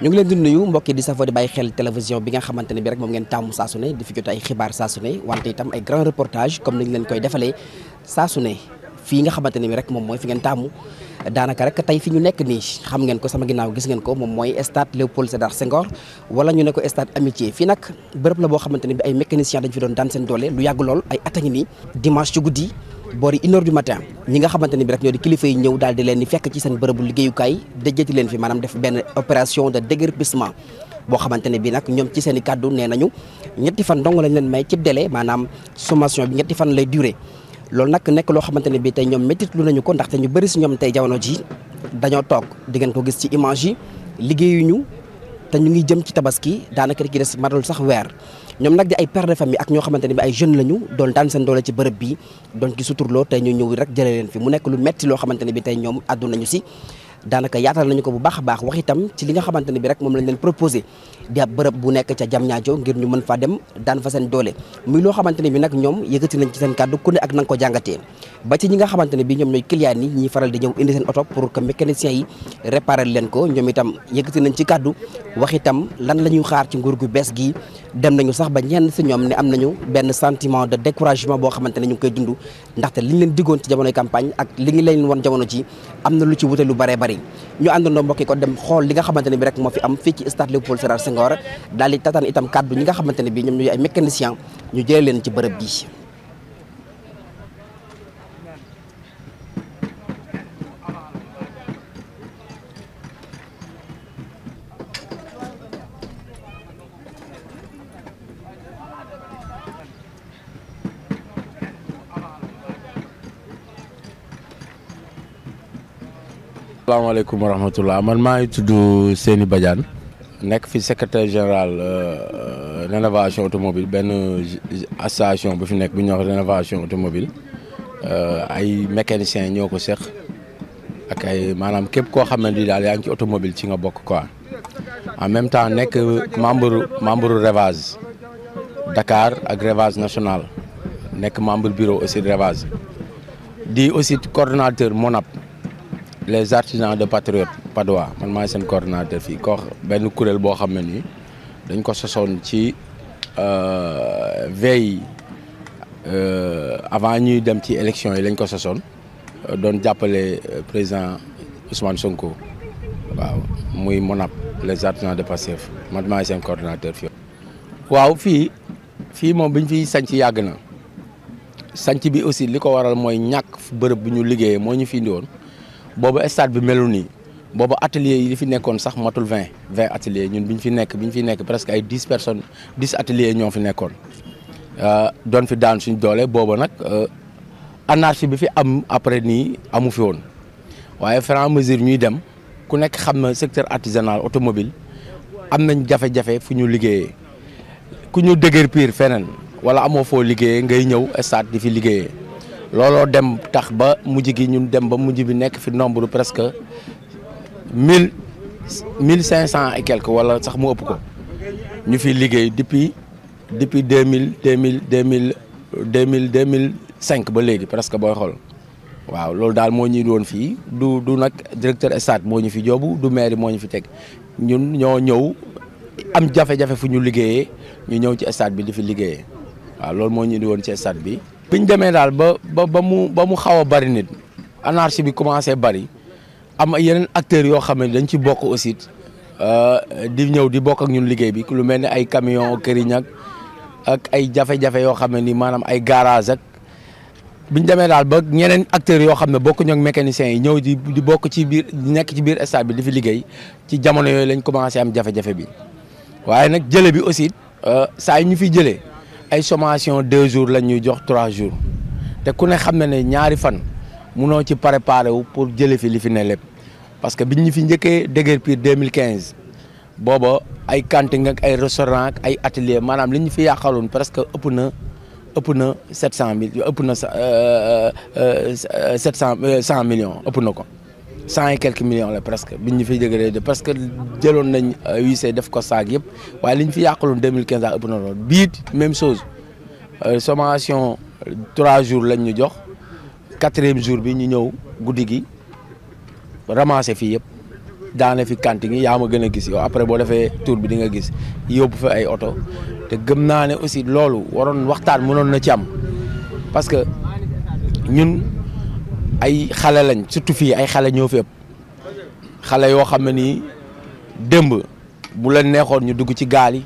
ñu ngi leen di nuyu mbokk yi di safoo di bàyyi xel télévision bi nga xamante ne bi rek moom ngeen tàmm saa ne di fi jot ay xibaar saa su ne wante itam ay grand reportage comme niñ leen koy defalee saa ne fii nga xamante ne bi rek moom mooy fi ngeen tàmm daanaka rek tey fi ñu nekk nii xam ngeen ko sama ginnaaw gis ngeen ko moom mooy stade Léopold Sédar Senghor wala ñu ne ko stade Amitié fii nag bërëb la boo xamante ne bi ay mécaniciens dañ fi doon seen doole lu yàgg lool ay at a ngi guddi boori une heure matin ñi nga xamante ni bi rek ñoo di kilifa yi ñëw daal di leen di fekk ci seen bërëbu liggéeyukaay dëjëti leen fi maanaam def benn opération de déguerpissement boo xamante ne bi nag ñoom ci seen i kàddu nee nañu ñetti fan dong lañ leen may ci délai maanaam sommation bi ñetti fan lay durer loolu nag nekk loo xamante ne bi tey ñoom métit nañu ko ndax te ñu bëri si ñoom tey jamono ji dañoo toog di ko gis ci image yi liggéeyuñu te ñu ngi jëm ci tabaski daanaka di ci des matul sax weer ñoom nag di ay père de famille ak ñoo xamante ne bi ay jeunes lañu doon daan seen doole ci bërëb bi doon ci suturloo tey ñu ñëw rek jëlee leen fi mu nekk lu metti loo xamante ne bi tey ñoom àddu si daanaka yaatal nañu ko bu baax baax wax itam ci li nga xamante ne bi rek moom lañ leen proposé di ab bërëb bu nekk ca Diamniadio ngir ñu mën faa dem daan fa seen doole muy loo xamante ne bi nag ñoom yëkkati nañ ci seen kàddu ku ne ak na ko jàngatee ba ci ñi nga xamante ne bi ñoom ñooy clients yi ñiy faral di ñëw indi seen oto pour que mécaniciens yi réparer leen ko ñoom itam yëkkati nañ ci kàddu wax itam lan la ñuy xaar ci nguur gu bees gi dem nañu sax ba ñenn si ñoom ne am nañu benn sentiment de découragement boo xamante ne ñu ngi koy dund ndaxte liñ leen diggoon ci jamonoy campagne ak li ngi leen woon jamono ci am na lu ci wute lu bëree bëri ñu àndandoo mbokk yi ko dem xool li nga xamante ne bi rek moo fi am fii ci stade Léopold Sédar Senghor daal itam kàddu ñi nga xamante ne bi ñoom ñooy ay ñu jëlee leen ci bërëb bi salaamaaleykum wa rahmatullah man maa ngi tudd seeni Badiane nekk fi secrétaire général euh, euh, rénovation automobile benn association bu fi nekk bu ñuy wax rénovation automobile euh, ay mécaniciens ñoo ko seq ak ay maanaam képp koo xam ne di daal yaa ngi ci automobile ci nga bokk quoi en même temps nekk membre membre Revaz Dakar ak Revaz national nekk membre bureau aussi Revaz di aussi coordonnateur Monap. les artisans de patriote Padois man seen coordonnateur fii ko benn kuréel boo xam ne nii dañ ko sosoon ci euh, veille euh, avant ñuy dem ci élection yi lañ ko sosoon euh, doon jàppale président Ousmane Sonko waaw muy monap les artisans de Pastef man maay seen coordonnateur fii. waaw fii fii moom bi ñu fiy sanc yàgg na sanc bi aussi li ko waral mooy ñàkk bërëb bu ñu liggéeyee moo ñu fi indi woon boobu stade bi melu nii boobu atelier yi fi nekkoon sax matul vingt vingt atelier ñun bi ñu fi nekk bi fi nekk presque ay dix personnes dix ateliers ñoo fi nekkoon euh, doon fi daan suñ doole boobu nag euh, anarchie bi fi am après nii amu fi woon waaye franc mesure ñuy dem ku nekk xam na secteur artisanal automobile am nañ jafe-jafe fu ñu liggéeyee ku ñu dëgër piir feneen wala amoo foo liggéeye ngay ñëw stade di fi liggéeyee looloo dem tax ba mujj gi ñun dem ba mujj bi nekk fi nombre presque mille mille cinq cent et quelque wala sax mu ëpp ko ñu fi liggéey depuis depuis deux mille deux mille deux mille deux mille deux mille cinq ba léegi presque booy xool waaw loolu daal moo ñuy doon fii du du nag directeur stade moo ñu fi joobu du maire moo ñu fi teg ñun ñoo ñëw am jafe-jafe fu ñu liggéeyee ñu ñëw ci stade bi di fi liggéeyee waaw loolu moo ñu di woon ci stade bi bi ñu demee daal ba ba ba mu ba mu xaw a bëri nit anarchie bi commencé bari am yeneen acteurs yoo xam ne dañ ci bokk aussi euh, di ñëw di bokk ak ñun liggéey bi lu mel ni ay camion këriñ ak ak ay jafe-jafe yoo xam ne ni maanaam ay garage ak bi ñu demee daal ba ñeneen acteurs yoo xam ne bokkuñu ak mécaniciens yi ñëw di di bokk ci biir nekk ci biir stade bi di fi liggéey ci jamono yooyu lañ commencé am jafe-jafe bi waaye nag jële bi aussi euh, saa yi ñu fi jëlee. ay sommation deux jours lañ ñuy jox trois jours te ku ne xam na ne ñaari fan noo ci préparé wu pour jële fi li fi ne lépp parce que biñ ñu fi njëkkee déguerpir 2015 booba ay cantine ak ay restaurant ay atelier maanaam li ñu fi yàqaloon presque ëpp na ëpp na sept cent mille ëpp na euh, euh, euh, sept cent cent millions ëpp na ko cent et quelques millions la presque biñ ñu fi jëgalee de parce que jëloon nañ euh, huissier def ko saag yëpp waaye li ñu fi yàqaloon 2015 daa ëpp na lool biit même chose euh, sommation trois jours lañ ñu jox quatrième jour bi ñu ñëw guddi gi ramassé fii yëpp daane fi kanti gi yaa ma gën a gis yow après boo defee tour bi di nga gis yóbbu fa ay oto te gëm naa ne aussi loolu waroon waxtaan mënoon na ci am parce que ñun ay xale lañ surtout fii ay xale ñoo fi ëpp xale yoo xam ne nii démb bu la neexoon ñu dugg ci gaal yi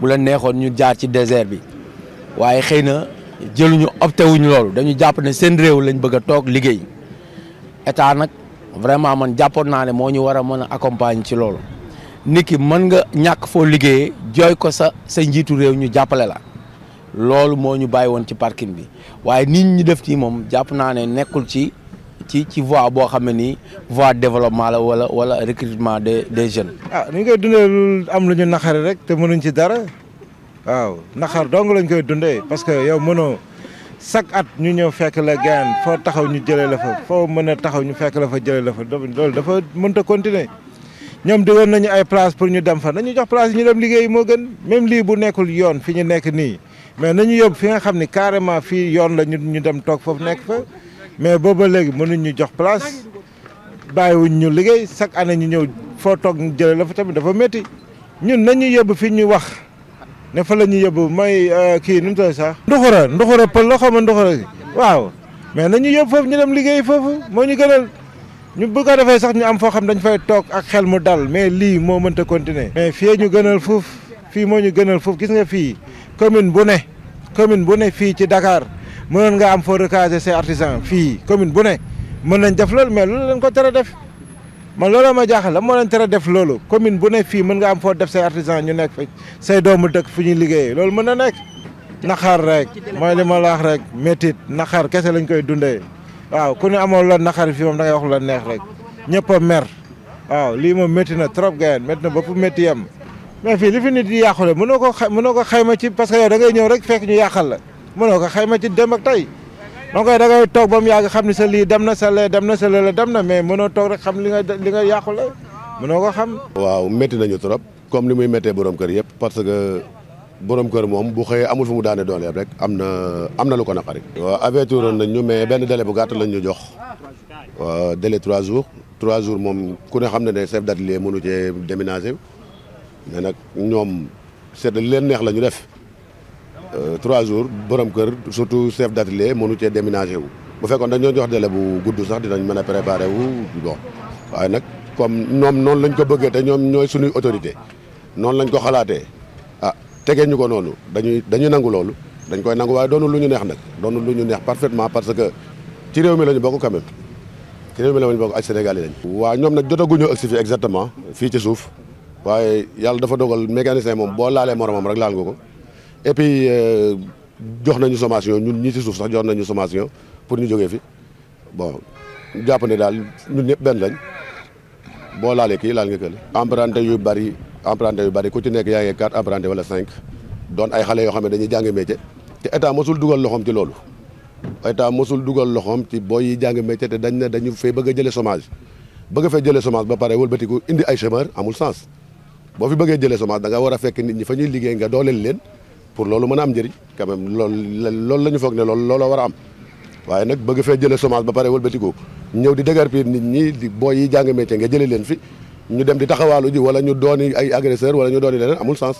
bu la neexoon ñu jaar ci désert bi waaye xëy na jëluñu opté wuñ loolu dañu jàpp ne seen réew lañ bëgg a toog liggéey état nag vraiment man jàppoon naa ne moo ñu war a mën a accompagner ci loolu nit ki mën nga ñàkk foo liggéeyee jooy ko sa sa njiitu réew ñu jàppale la loolu moo ñu bàyyi woon ci parking bi waaye nit ñi def ci moom jàpp naa ne nekkul ci ci ci voie boo xam ne nii voie développement la wala wala recrutement des des jeunes. ah ni ñu koy dundee lu am lu ñu naxari rek te mënuñ ci dara waaw naxar dong lañ koy dundee parce que yow mënoo chaque at ñu ñëw fekk la gaan foo taxaw ñu jëlee la fa foo mën a taxaw ñu fekk la fa jëlee la fa loolu dafa mënut a continuer. ñoom digoon nañu ay place pour ñu dem fa nañu jox place ñu dem liggéey moo gën même lii bu nekkul yoon fi ñu nekk nii mais nañu yóbbu fi nga xam ni carrément fii yoon la ñu ñu dem toog foofu nekk fa. mais booba léegi mënuñu jox place bàyyiwuñ ñu liggéey chaque année ñu ñëw foo toog jëlee la fa tamit dafa métti ñun nañu yóbbu fi ñu wax ne fa la ñu may mooy euh, kii nu mu tudd sax. nduxura nduxura pël la xam nduxura waaw mais nañu yóbbu foofu ñu dem liggéey foofu moo ñu gënal ñu bu ko defee sax ñu am foo xam dañ fay toog ak xel mu dal mais lii moo mënta continuer. mais fii ñu gënal foofu fii moo ñu gënal foofu gis nga fii commune bu ne commune bu ne fii ci dakaar mënoon nga am foo recaser ces artisan fii commune bu ne mën nañ def loolu mais loolu lañ ko tere def man looloo ma jaaxal la moo leen tere def loolu commune bu ne fii mën nga am foo def say artisans ñu nekk fa say doomu dëkk fu ñuy liggéeyee loolu mën na nekk naxaar rek mooy li ma la wax rek métit naxaar kese lañ koy dundee waaw ku ne amoon la naxaar fii moom da ngay neex rek ñëpp a mer waaw lii moom métti na trop gayen métti na bopp métti yem mais fii li fi nit yi mën mënoo ko xa mënoo ko xayma ci parce que yow da ngay ñëw rek fekk ñu yàqal la mënoo ko ma ci dem ak tey donc koy ngay toog ba mu yàgg xam ni sa lii dem na sa lee dem na sa lee dem na mais mënoo toog rek xam li nga li nga yàqule mënoo ko xam. waaw metti nañu trop comme li muy méttee boroom kër yëpp parce que borom kër moom bu xëyee amul fu mu daane doole rek am na am na lu ko naqari. waaw avertiroon nañ ñu mais benn délai bu gàtt lañ ñu jox délai trois jours trois jours moom ku ne xam ne ne chef d'atelier mënu cee déménager mais nag ñoom seet leen neex la ñu def. Euh, trois jours borom kër surtout chef d'atelier mënu cee déménager wu. bu fekkoon dañoo jox délai bu gudd sax dinañ mën a préparer wu bon waaye nag comme ñoom noonu lañ ko bëggee te ñoom ñooy suñuy autorité noonu lañ ko xalaatee ah tegee ñu ko noonu dañuy dañuy nangu loolu dañ koy nangu waaye doonu lu ñu neex nag doonul lu ñu neex parfaitement parce que ci réew mi la ñu bokk quand même ci réew mi la ñu bokk ak Sénégal yi lañ. waaw ñoom nag jotaguñu agsi fi exactement fii ci suuf waaye yàlla dafa dogal mécanicien moom boo laalee moromam rek laal ko. et puis euh, jox nañu sommation ñun ñi si suuf sax jox nañu sommation pour ñu jógee fi bon jàpp ne daal ñun ñëpp benn lañ boo laalee kii laal nga kële. apprenti yu bari apprenti yu bari ku ci nekk yaa ngi quatre apprenti wala cinq doon ay xale yoo xam ne dañuy jàng métier te état mosul dugal loxoom ci loolu état mosul dugal loxoom ci boo yi jàng métier te dañ ne dañu fay bëgg a jëlee chômage bëgg fee jëlee chômage ba pare wëlbatiku indi ay chômeur amul sens boo fi bëggee jëlee chômage da nga war a nit ñi fa ñuy liggéey nga dooleel leen. pour loolu mën a am njëriñ quand même loolu loolu la ñu foog ne loolu looloo war a am waaye nag bëgg fee jëlee chômage ba pare wëlbatiku ñëw di dégar piir nit ñi di booy yi jàng métier nga jëlee leen fi ñu dem di taxawaalu ji wala ñu dooni ay agresseur wala ñu dooni leneen amul sens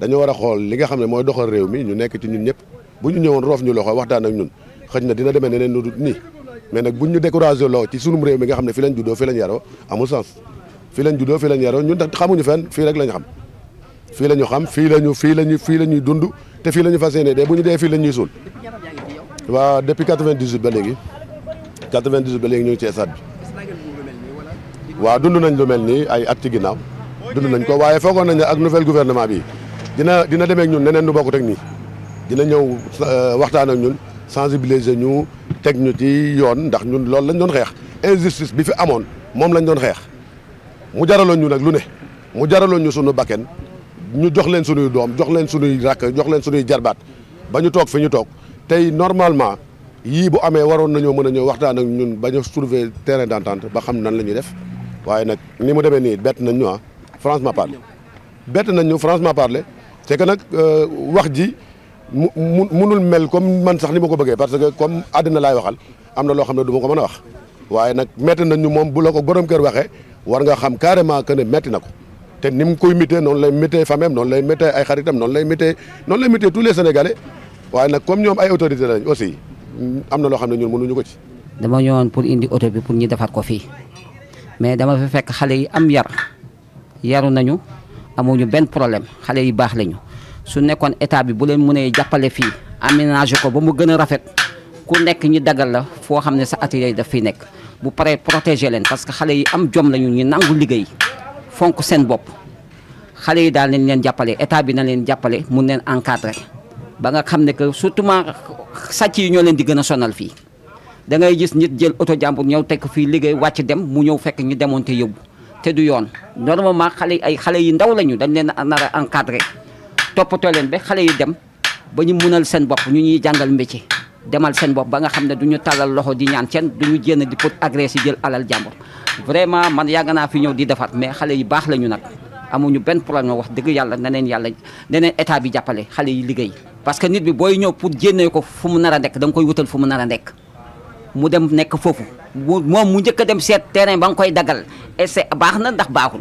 dañoo war a xool li nga xam ne mooy doxal réew mi ñu nekk ci ñun ñëpp bu ñu ñëwoon roof ñu loxo waxtaan ak ñun xëj na dina demee neneen nudut mais nag buñ ñu découragé loo ci sunum réew mi nga xam ne fi lañ juddoo fi lañ yaroo amul sens fi lañ juddoo fi lañ yaroo ñun tax xamuñu fenn fii rek lañ xam fii la ñu xam fii la ñu fii la ñu fii la ñuy dund te fii la ñu fas yéene dee bu ñu dee fii la ñuy suul waaw depuis 98 ba léegi 98 ba léegi ñu ngi ci stade bi waaw dundu nañ lu mel nii ay at ci ginnaaw dund nañ ko waaye foogoon nañ ne ak nouvel gouvernement bi dina dina demee ñun neneen nu bokkut ak nii dina ñëw euh, waxtaan ak ñun sensibiliser ñu teg ñu ci yoon ndax ñun loolu lañ doon xeex injustice bi fi amoon moom lañ doon xeex mu jaraloon ñu nag lu ne mu jaraloon ñu sunu bakken ñu jox leen sunuy doom jox leen sunuy rakk jox leen sunuy jarbaat ba ñu toog fi ñu toog tey normalement yii bu amee waroon nañoo mën a ñëw waxtaan ak ñun bañ a trouver terrain d'entente ba xam nan la ñuy def waaye nag ni mu demee nii bett nañu a ah franchement parler bett nañ ñu franchement parle c'est que nag euh, wax ji mu mu munul mel comme man sax ni ma ko bëggee parce que comme àddina laay waxal am na loo xam ne du ma ko mën a wax waaye nag metti nañ ñu moom bu la ko borom kër waxee war nga xam carrément que ne metti na ko. te ni mu koy méttee noonu lay méttee famem noonu lay méttee ay xaritam noonu lay méttee noonu lay méttee tous les sénégalais waaye nag comme ñoom ay autorités lañ aussi am na loo xam ne ñun mënuñu ko ci. dama ñëwoon pour indi oto bi pour ñu defar ko fii mais dama fi fekk xale yi am yar yaru nañu amuñu benn problème xale yi baax lañu su nekkoon état bi bu leen mënee jàppale fii aménagé ko ba mu gën a rafet ku nekk ñu dagal la foo xam ne sa atelier daf fiy nekk bu paree protéger leen parce que xale yi am jom lañu ñu nangu liggéey. fonk seen bopp xale yi daal nañ leen jàppale état bi na leen jàppale mun leen encadrer ba nga xam ne que surtout sàcc yi ñoo leen di gën a sonal fii da ngay gis nit jël oto jàmbur ñëw tekk fii liggéey wàcc dem mu ñëw fekk ñu demoon te yóbbu te du yoon normalement xale yi ay xale yi ndaw lañu dañ leen a nar a encadrer toppatoo leen ba xale yi dem ba ñu mënal seen bopp ñu ñuy jàngal métier. demal seen bopp ba nga xam ne du ñu tàllal loxo di ñaan ceen du ñu jénn di ko agressé jël alal jàmbur vraiment man yàgg naa fi ñëw di defaat mais xale yi baax la ñu nag amuñu benn problème wax dëgg yàlla na neen yàlla na neen état bi jàppale xale yi liggéey parce que nit bi booy ñëw pour jénnee ko fu mu nar a nekk danga koy wutal fu mu nar a nekk mu dem nekk foofu moom mu njëkk a dem seet terrain ba nga koy dagal et baax na ndax baaxul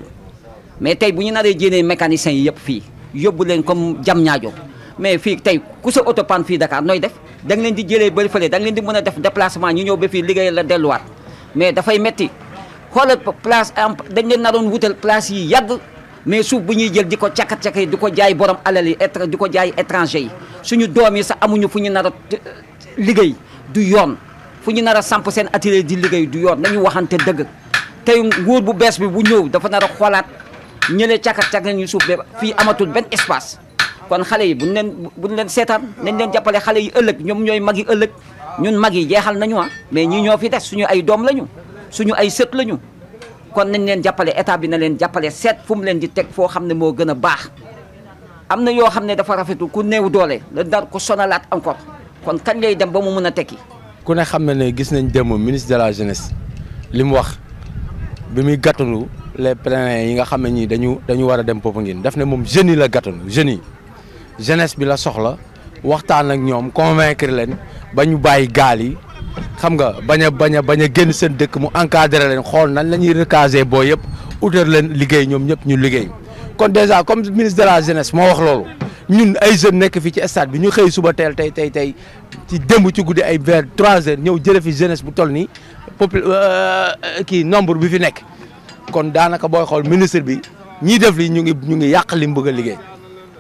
mais tey bu ñu naree jénnee mécaniciens yi yëpp fii yóbbu leen comme jam ñaajoo mais fii tey ku sa oto panne fii Dakar nooy def da leen di jëlee bëri fële da nga leen di mën a def déplacement ñu ñëw ba fii liggéey la delluwaat mais dafay metti xoolal place am dañ leen naroon wutal place yi yàgg mais suuf bu ñuy jël di ko cakkat-cakkat yi di ko jaay borom alal yi di ko jaay étranger yi suñu doom yi sax amuñu fu ñu nar liggéey du yoon fu ñu nar a samp seen atelier di liggéey du yoon nañu waxante dëgg tey nguur bu bees bi bu ñëw dafa nar a xoolaat ñële cakkat-cakkat ñu suuf ba fii amatul benn espace kon xale yi buñ leen buñ leen seetaan nañ leen jàppale xale yi ëllëg ñoom ñooy mag yi ëllëg ñun mag yi jeexal nañu ah mais ñii ñoo fi des suñu ay doom lañu suñu ay sët lañu kon nañ leen jàppale état bi na leen jàppale seet fu mu leen di teg foo xam ne moo gën a baax am na yoo xam ne dafa rafetul ku néew doole la dar ko sonalaat encore kon kañ lay dem ba mu mën a tekki. ku ne xam na ne gis nañ démb ministre de la jeunesse li mu wax bi muy gàttanu les pèlerins yi nga xam ne ñii dañu dañu war a dem Popenguine daf ne moom jeunes yi la gàttanu jeunes yi. jeunesse bi la soxla waxtaan ak ñoom convaincre leen ba ñu bàyyi gaal yi xam nga bañ a bañ a bañ a seen dëkk mu encadré leen xool nañ la ñuy recaser boo yëpp utal leen liggéey ñoom ñëpp ñu liggéey kon déjà comme ministre de la jeunesse moo wax loolu ñun ay jeunes nekk fii ci stade bi ñu xëy suba teel tey tey tey ci démb ci guddi ay vers trois heures ñëw jëlee fi jeunesse bu toll nii popul euh, euh, kii nombre bi fi nekk kon daanaka booy xool ministre bi ñiy def li ñu ngi ñu ngi yàq li mu bëgg a liggéey.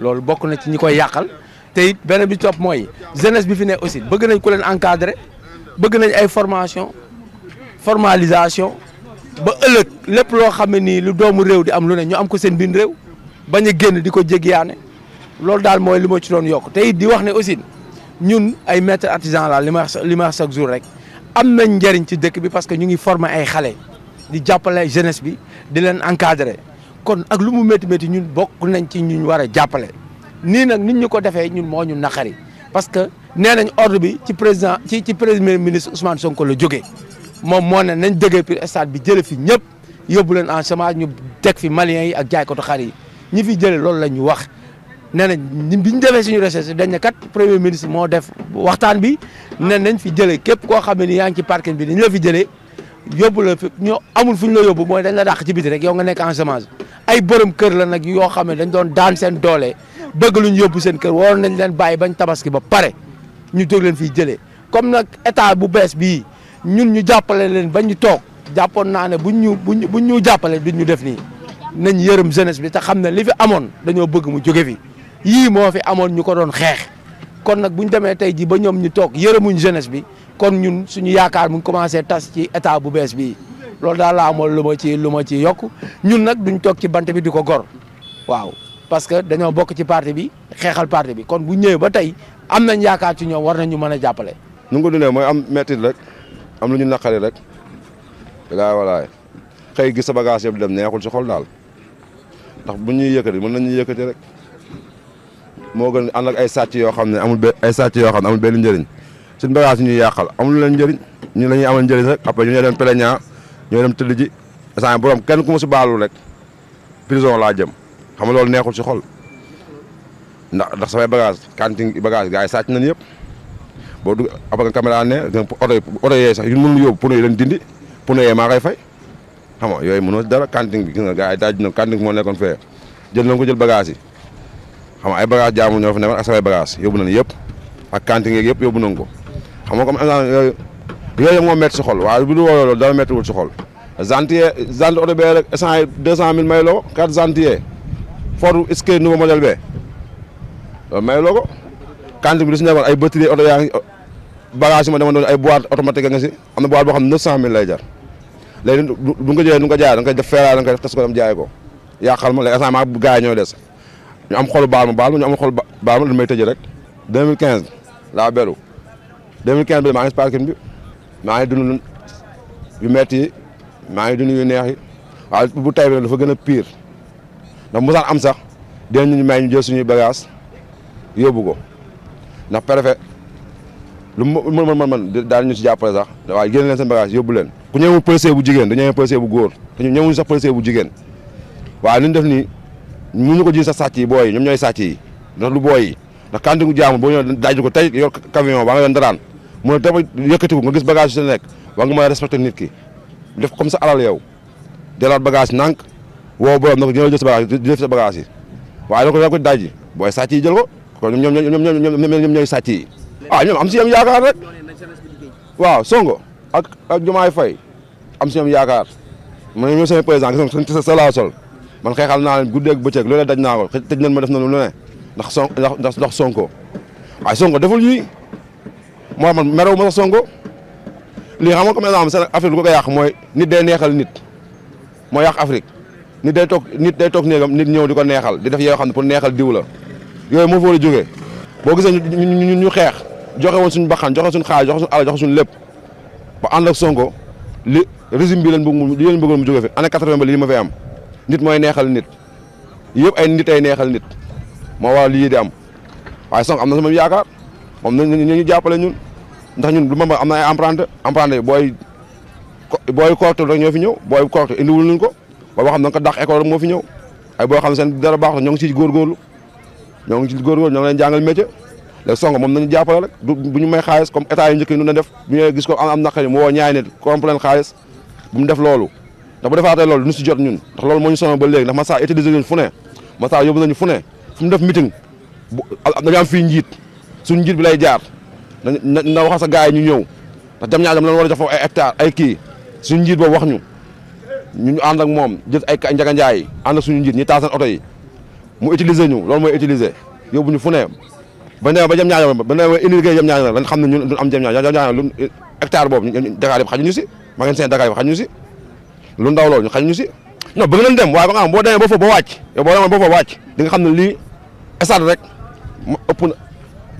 loolu bokk na ci ñi koy yàqal te beneen bi topp mooy jeunesse bi fi ne aussi bëgg nañ ku leen encadrer bëgg nañ ay formation formalisation ba ëllëg lépp loo xam ne nii lu doomu réew di am lu ne ñu am ko seen biir réew bañ a génn di ko jéggiyaane loolu daal mooy li ma ci doon yokk te di wax ne aussi ñun ay maître artisan la li ma li chaque jour rek am nañ njëriñ ci dëkk bi parce que ñu ngi former ay xale di jàppale jeunesse bi di leen encadrer kon ak lu mu métti métti ñun bokk nañ ci ñuñ war a jàppale nii nag nit ñu ko defee ñun moo ñu naqari parce que nee nañ ordre bi ci président ci ci premier ministre Ousmane Sonko la jógee moom moo ne nañ dëggee biir stade bi jële fi ñëpp yóbbu leen en chômage ñu teg fi maliens yi ak jaaykatu xar yi ñi fi jële loolu la ñu wax nee nañ bi ñu defee suñu recherche dañ ne kat premier ministre moo def waxtaan bi ne nañ fi jële képp koo xam ne ni yaa ngi ci parking bi dañ la fi jëlee yóbbu la fi ñu amul fu ñu la yóbbu mooy dañ la dàq ci biti rek yow nga nekk en chômage ay borom kër la nag yoo xam ne dañ doon daan seen doole bëgg luñ yóbbu seen kër waroon nañ leen bàyyi bañ tabaski ba pare ñu jóg leen fii jëlee comme nag état bu bees bii ñun ñu jàppale leen bañ ñu toog jàppoon naa ne buñ ñu buñ buñ ñu jàppale duñ ñu def nii nañ yërëm jeunesse bi te xam ne li fi amoon dañoo bëgg mu jóge fi yii moo fi amoon ñu ko doon xeex kon nag bu ñu demee tey jii ba ñoom ñu toog yërëmuñ jeunesse bi kon ñun suñu yaakaar mu ngi commencé tas ci état bu bees bii loolu daal laa amoon lu ma ci lu ma ci yokk ñun nag duñ toog ci bant bi di ko gor waaw parce que dañoo bokk ci parti bi xeexal parti bi kon bu ñëwee ba tey am nañ yaakaar ci ñoom war nañu mën a jàppale. nu nga ko dundee mooy am métti rek am lu ñu naqari rek walaay walaay xëy gis sa bagage yëpp dem neexul si xool daal ndax bu ñuy yëkkati mën nañu yëkkati rek moo gën ànd ak ay sàcc yoo xam ne amul ay sàcc yoo xam ne amul benn njëriñ. suñ ñu ñuy am amul leen njëriñ ñu la ñuy amal njëriñ rek après ñu ñoo dem plaignant ñoo dem tëdd ji saa borom kenn ku ma si baalu rek prison laa jëm xam nga loolu neexul si xol ndax ndax samay bagage kantin bagage gars yi sàcc nañ yëpp boo dugg après caméra ne oto oto sax yu mënul yóbbu pour yooyu leen dindi pour yooyu maa nga yooyu mënoo dara kantin bi gis nga gars yi daaj na kantin bi moo nekkoon fee jël nañ ko jël bagage yi xam nga ay bagage jaamu ñoo fa nekkoon ak samay bagage yóbbu nañ yëpp ak kantin yeeg yëpp yóbbu nañ ko xam nga comme moo métti si xol waaye bu dul wóoree loolu dara méttiwul si xol Zantier Zant oto bee rek cent et deux cent mille may loo quatre Zantier Ford Escape nouveau modèle bee loolu may loo ko. quantité bi du si nekkoon ay batterie oto yaa ngi bagage yi ma demoon ay boîte automatique nga si am na boîte boo xam ne cent mille lay jar léegi du nga ko jëlee du nga ko koy def feeraay da nga koy def tas ko dem jaay ko yàqal ma léegi instant maa gaa yi ñooy des ñu am xolu baal ma baal ma ñu am xolu baal ma lu may tëjee rek laa beru 2015 bi maa ngi si parking bi maa ngi dund yu metti maa ngi dund yu neex yi bu tay bi nag dafa gën a pire ndax mosaan am sax den ñu may ñu jël suñuy bagage yóbbu ko ndax préfet lu mu man man man daal ñu si jàppale sax waaye génn leen seen bagage yóbbu leen ku ñëwul policier bu jigéen dañu ñëw policier bu góor te ñu ñëwuñu sax policier bu jigéen waa li def nii mënuñu ko ji sa sàcc yi booy yi ñoom ñooy sàcc yi ndax lu booy yi ndax kantingu jaamu boo ñëwee daaj ko tey yor camion ba nga doon daraan moo ne tamit yëkkatiku nga gis bagage yu nekk war nga mën a respecté nit ki def comme sa alal na ko dina jël sa sa bagage yi waaye na ko yaa ko daaj ji yi jël ko kon ñoom ñoom ñoom ñooy sàcc yi ah ñoom am si ñoom yaakaar rek waaw Sonko ak ak Diomaye Faye am si ñoom yaakaar man ñoom sama président gis nga sa laa sol man xeexal naa leen guddeeg bëccëg loolee daj naa ko tëj nañ ma def na lu ne ndax son ndax Sonko waaye Sonko deful ñuy moo man merew ma sax Sonko lii xam nga comme exemple seen Afrique lu ko koy yàq mooy nit day neexal nit moo yàq Afrique nit toog nit day toog néegam nit ñëw di ko neexal di def yoo ne pour neexal diw la yooyu moo fa war a jógee boo gisee ñu xeex joxe woon suñu baxan joxe suñu xaalis joxe lépp ba ànd ak Sonko li régime bi leen bëgg li leen bëggoon mu jógee fi année quatre am nit mooy neexal nit yëpp ay nit ay neexal nit moo waral lii di am waaye Sonko am na yaakaar moom nañu ñu jàppale ñun ndax ñun lu ma am na ay emprunté emprunté yi booy booy correcteur rek ñoo fi ñëw booy correcteur indiwul nañ ko boo xam ne ko dàq école moo fi ñëw ay boo xam ne seen dara baax la ñoo ngi ciy góorgóorlu ñoo ngi ci góorgóorlu ñoo jàngal métier léegi Sonko moom nañu jàppale rek bu ñu may xaalis comme état yu njëkk nu ne def bu ñu gis ko am am naqari mu woo ñaay nit loolu ndax bu defaatee loolu duñu si jot ñun ndax loolu moo ñu sonal ba léegi ndax Massar utilisé nañu fu ne Massar yóbbu nañu fu ne fu mu def meeting dañu am fii njiit suñu njiit bi lay jaar na waxal sa gars yi ñu ñëw ndax jam ñaajam lan war a jox foofu ay hectare ay kii suñu njiit boobu wax ñu ñu ànd ak moom jël ay njaganjaay yi ànd ak suñu njiit ñu taal seen oto yi mu utiliser ñu loolu mooy utiliser yóbbu fu ne ba ne ba jam ñaajam ba ne unité jam ñaajam lañ xam ne ñun duñ am jam ñaajam jam ñaajam lu hectare boobu ñu si ma ngeen seen Dakar si lu ndaw loolu ñu xaju ñu si non bëgg nañ dem waaye ba nga xam boo demee ba foofu ba wàcc yow boo demee ba foofu ba wàcc di nga xam ne lii stade rek ma ëpp na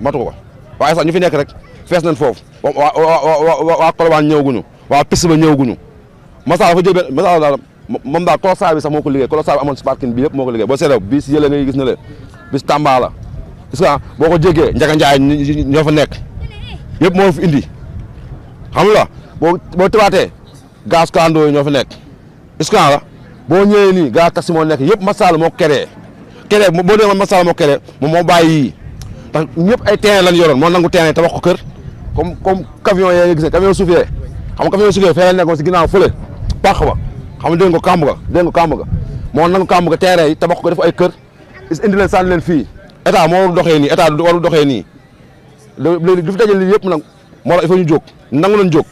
matu ko waaye sax ñu fi nekk rek fees nañ foofu waa waa Colobane ñëwaguñu waa piste ba ñëwaguñu Massala fa jël benn Massala daal moom daal Colossaa bi sax moo ko liggéey Colossaa bi si parking bi yëpp moo ko liggéey boo seetee bis yële ngay bis Tamba la gis nga boo ko jegee Njaga Njaay ñoo fa nekk yëpp moo fi indi xam nga boo boo tabaatee gaz ñoo fa nekk iskan la boo ñëwee nii gaz moo nekk yëpp Massala moo ko keree keree boo dee Massala moo keree moom moo bàyyi tax ñëpp ay terrain lañ yoroon moo nangu terrain tabax ko kër comme comme camion yee nga gisee camion suuf yee xam nga camion suuf yee fee la si ginnaaw fële pàq ba xam nga dégg nga kàmb ga dégg ga moo nangu kàmb ga terrain yi tabax ko def ay kër indi leen sànni leen fii état moo warul doxee nii état warul doxee nii léegi du fi dajale lii yëpp nag moo tax il ñu jóg nangu nañ jóg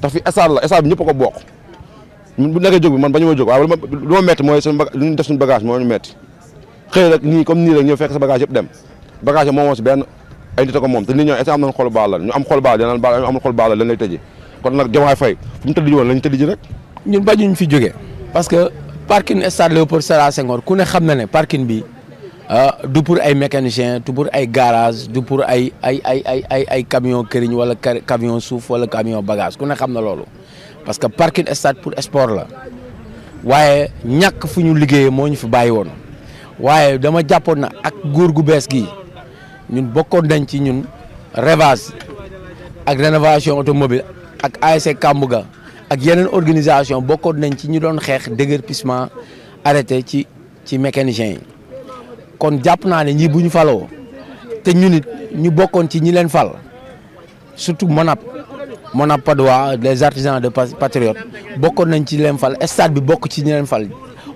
tax fi estar la estar bi ko bokk bu nekkee jóg bi man bañu ma jóg waaw lu ma metti mooy suñu def suñu bagage moo ñu metti nii comme nii rek ñëw fekk sa dem bagage moom moo si benn ay nit a ko moom te nit ñoo est am xol baal la ñu am xol baal dinaan ñu la dañ lay kon nag Diomaye Faye fu mu tëdd ji woon lañ tëdd ji rek ñun bañuñ fi jógee parce que parking stade Léopold Sédar Senghor ku ne xam na ne parking bi euh, du pour ay mécanicien du pour ay garage du pour ay ay ay ay ay ay camion këriñ wala camion suuf wala camion bagage ku ne xam na loolu parce que parking stade pour sport la waaye ñàkk fu ñu liggéeyee moo ñu fi bàyyi woon waaye dama jàppoon na ak góor gu bees gii ñun bokkoon nañ ci ñun Revage ak rénovation automobile ak ASC Kambouga ak yeneen organisation bokkoon nañ ci ñu doon xeex déguerpissement arrêté ci ci mécaniciens yi kon jàpp naa ne ñii bu ñu faloo te ñun it ñu bokkoon ci ñi leen fal surtout Monap Monap Padois les artisans de patriote bokkoon nañ ci leen fal stade bi bokk ci ñi leen fal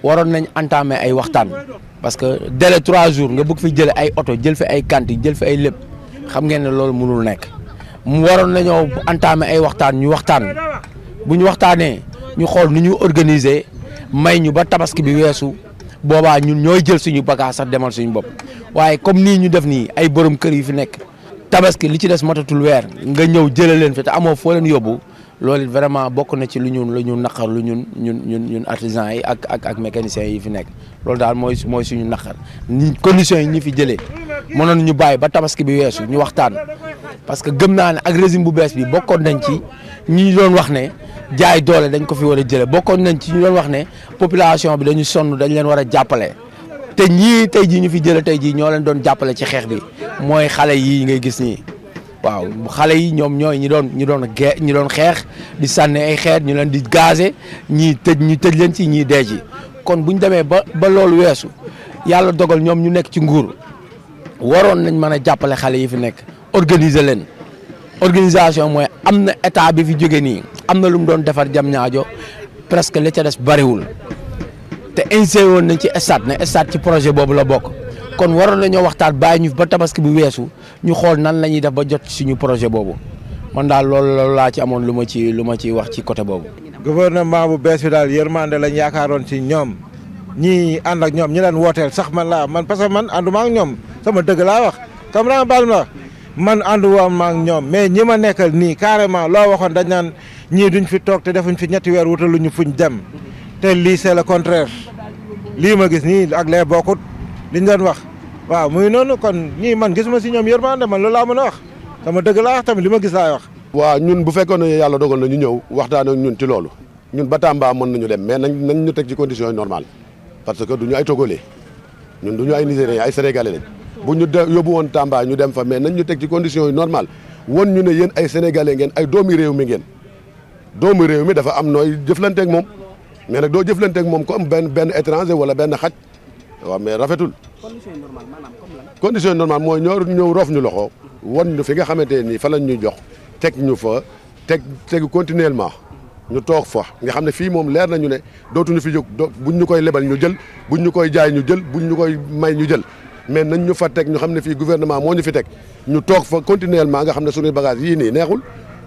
waroon nañ entamer ay waxtaan parce que délai trois jours nga bëgg fi jël ay oto jël fi ay kanti jël fi ay lépp xam ngeen ne loolu mënul nekk mu waroon nañoo entamer ay waxtaan ñu waxtaan bu ñu waxtaanee ñu xool ni ñu organiser may ñu ba tabaski bi weesu boobaa ñun ñooy jël suñu bagage sax demal suñu bopp waaye comme nii ñu def nii ay borom kër yu fi nekk tabaski li ci des matatul weer nga ñëw jële leen fi te amoo foo leen yóbbu. loolu vraiment bokk na ci lu ñun lu ñu naqar lu ñun ñun ñun ñun artisans yi ak ak ak mécaniciens yi fi nekk loolu daal mooy mooy suñu naqar ni conditions yi ñu fi jëlee mënoon ñu bàyyi ba tabaski bi weesu ñu waxtaan parce que gëm naa ne ak résime bu bees bi bokkoon nañ ci ñi doon wax ne jaay doole dañ ko fi war a jëlee bokkoon nañ ci ñu doon wax ne population bi dañu sonn dañ leen war a jàppale te ñii tey jii ñu fi jëlee tey jii ñoo leen doon jàppale ci xeex bi mooy xale yii ngay gis nii waaw xale yi ñoom ñooy ñi doon ñi doon ge ñi doon xeex di sànni ay xeet ñu leen di gaze ñii tëj ñu tëj leen ci ñii dee ci kon bu ñu demee ba ba loolu weesu yàlla dogal ñoom ñu nekk ci nguur waroon nañ mën a jàppale xale yi fi nekk organiser leen organisation mooy am na état bi fi jóge nii am na lu mu doon defar jam ñaajo presque li ca des bariwul te inséré woon nañ ci stade ne stade ci projet boobu la bokk kon waroon nañoo waxtaan baa ñu ba tabaski bu weesu ñu xool nan la ñuy def ba jot suñu projet boobu man daal lool loolu laa ci amoon lu ma ci lu ma ci wax ci côté boobu. gouvernement bu bees bi daal yërmande lañ yaakaaroon si ñoom ñii ànd ak ñoom ñi leen wooteel sax man laa man parce que man ànduma ak ñoom sama dëgg laa wax comme ren baal ma man ànduma ak ñoom mais ñi ma nekkal nii carrément loo waxoon dañ naan ñii duñ fi toog te defuñ fi ñetti weer wutaluñu ñu dem te lii c'est le contraire lii ma gis nii ak lee bokkut. liñ doon wax waaw muy noonu kon ñii man gis gisuma si ñoom yërmande man loolu laa mën a wax sama dëgg laa wax tamit li ma gis laay wax. waaw ñun bu fekkoon ne yàlla dogal na ñu ñëw waxtaan ñun ci loolu ñun ba Tamba mën nañu dem mais nañ nañ ñu teg ci condition normal parce que du ñu ay togolais ñun du ñu ay nigériens ay sénégalais lañ bu ñu yóbbu woon Tamba ñu dem fa mais nañ ñu teg ci condition yu normal woon ñu ne yéen ay sénégalais ngeen ay doomi réew mi ngeen doomu réew mi dafa am nooy jëflanteeg moom mais nag doo jëflanteeg moom ko am benn benn étranger wala benn xaj waaw mais rafetul. condition normale maanaam comme lan. condition normale mooy ñoo ñëw roof ñu loxo. wan ñu fi nga xamante ni fa lañ ñu jox teg ñu fa teg teg continuellement. ñu toog fa nga xam ne fii moom leer nañu ne dootuñu fi jóg bu buñ ñu koy lebal ñu jël buñ ñu koy jaay ñu jël buñ ñu koy may ñu jël mais nañ ñu fa teg ñu xam ne fii gouvernement moo ñu fi teg ñu toog fa continuellement nga xam ne suñuy bagage yii nii neexul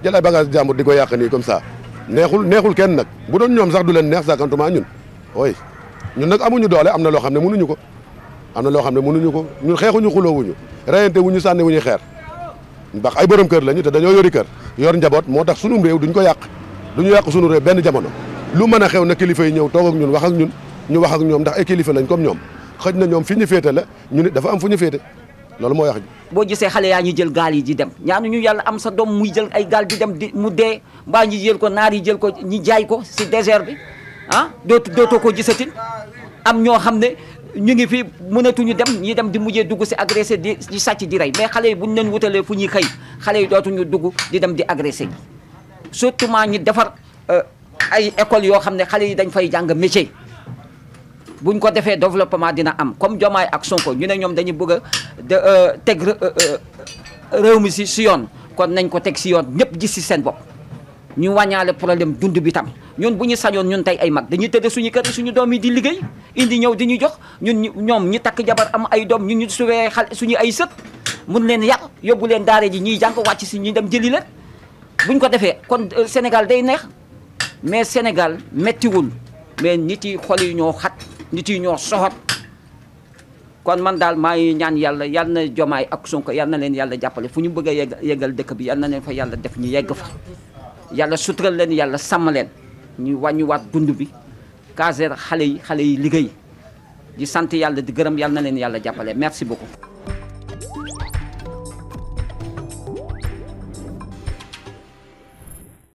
jël ay bagage di ko yàq nii comme sa neexul neexul kenn nag bu doon ñoom sax du leen neex sakantumaa ñun ooy ñun nag amuñu doole am na loo xam ne mënuñu ko am na loo xam ne mënuñu ko ñun xeexuñu xuloowuñu reyante wuñu sànni wuñu xeer ndax ay borom kër lañu te dañoo yori kër yor njaboot moo tax sunum réew duñ ko yàq duñu yàq sunu réew benn jamono lu mën a xew na kilifa yi ñëw toog ak ñun wax ak ñun ñu wax ak ñoom ndax ay kilifa lañ kom ñoom xëj na ñoom fi ñu féete la ñu nit dafa am fu ñu féete loolu moo wax ji boo gisee xale yaa ñu jël gaal yi di dem ñaanu ñu yàlla am sa doom muy jël ay gaal di dem di mu dee mbaa ñu jël ko naar yi jël ko ñi jaay ko si désert bi ah dootu dootoo ko gisatin am ñoo xam ne ñu ngi fi mënatuñu dem ñi dem di mujjee dugg si agressé di di sàcc di rey mais xale yi bu buñ leen wutalee fu ñuy xëy xale yi dootuñu dugg di dem di agressé yi surtout ment ñi defar euh, ay école yoo xam ne xale yi dañ fay jàng métier buñ ko defee développement dina am comme Diomaye ak Sonko ñu ne ñoom dañu bëgg a euh, teg euh, réew mi si si yoon kon nañ ko teg si yoon ñëpp gis si seen bopp ñu wàññaale problème dund bi tam ñun bu ñu sañoon ñun tey ay mag dañuy tëdd suñu kër suñu doom yi di liggéey indi ñëw di ñu jox ñun ñoom ñu takk jabar am ay doom ñun ñu suwee xal suñu ay sët mun leen yar yóbbu leen daare ji ñuy jàng wàcc si ñuy dem jëli leen ñu ko defee kon euh, Sénégal day neex mais Sénégal méttiwul mais nit yi xol yi ñoo xat nit yi ñoo soxot kon man daal maa ngi ñaan yàlla yal na jomaay ak Sonko yal na leen yàlla jàppale fu ñu bëgg a yeggal dëkk bi yal na leen fa yàlla def ñu yegg fa yàlla sutural leen yàlla sàmm leen ñu wàññiwaat dund bi caser xale yi xale yi liggéey di sant yàlla di gërëm yàlla na leen yàlla jàppale merci beaucoup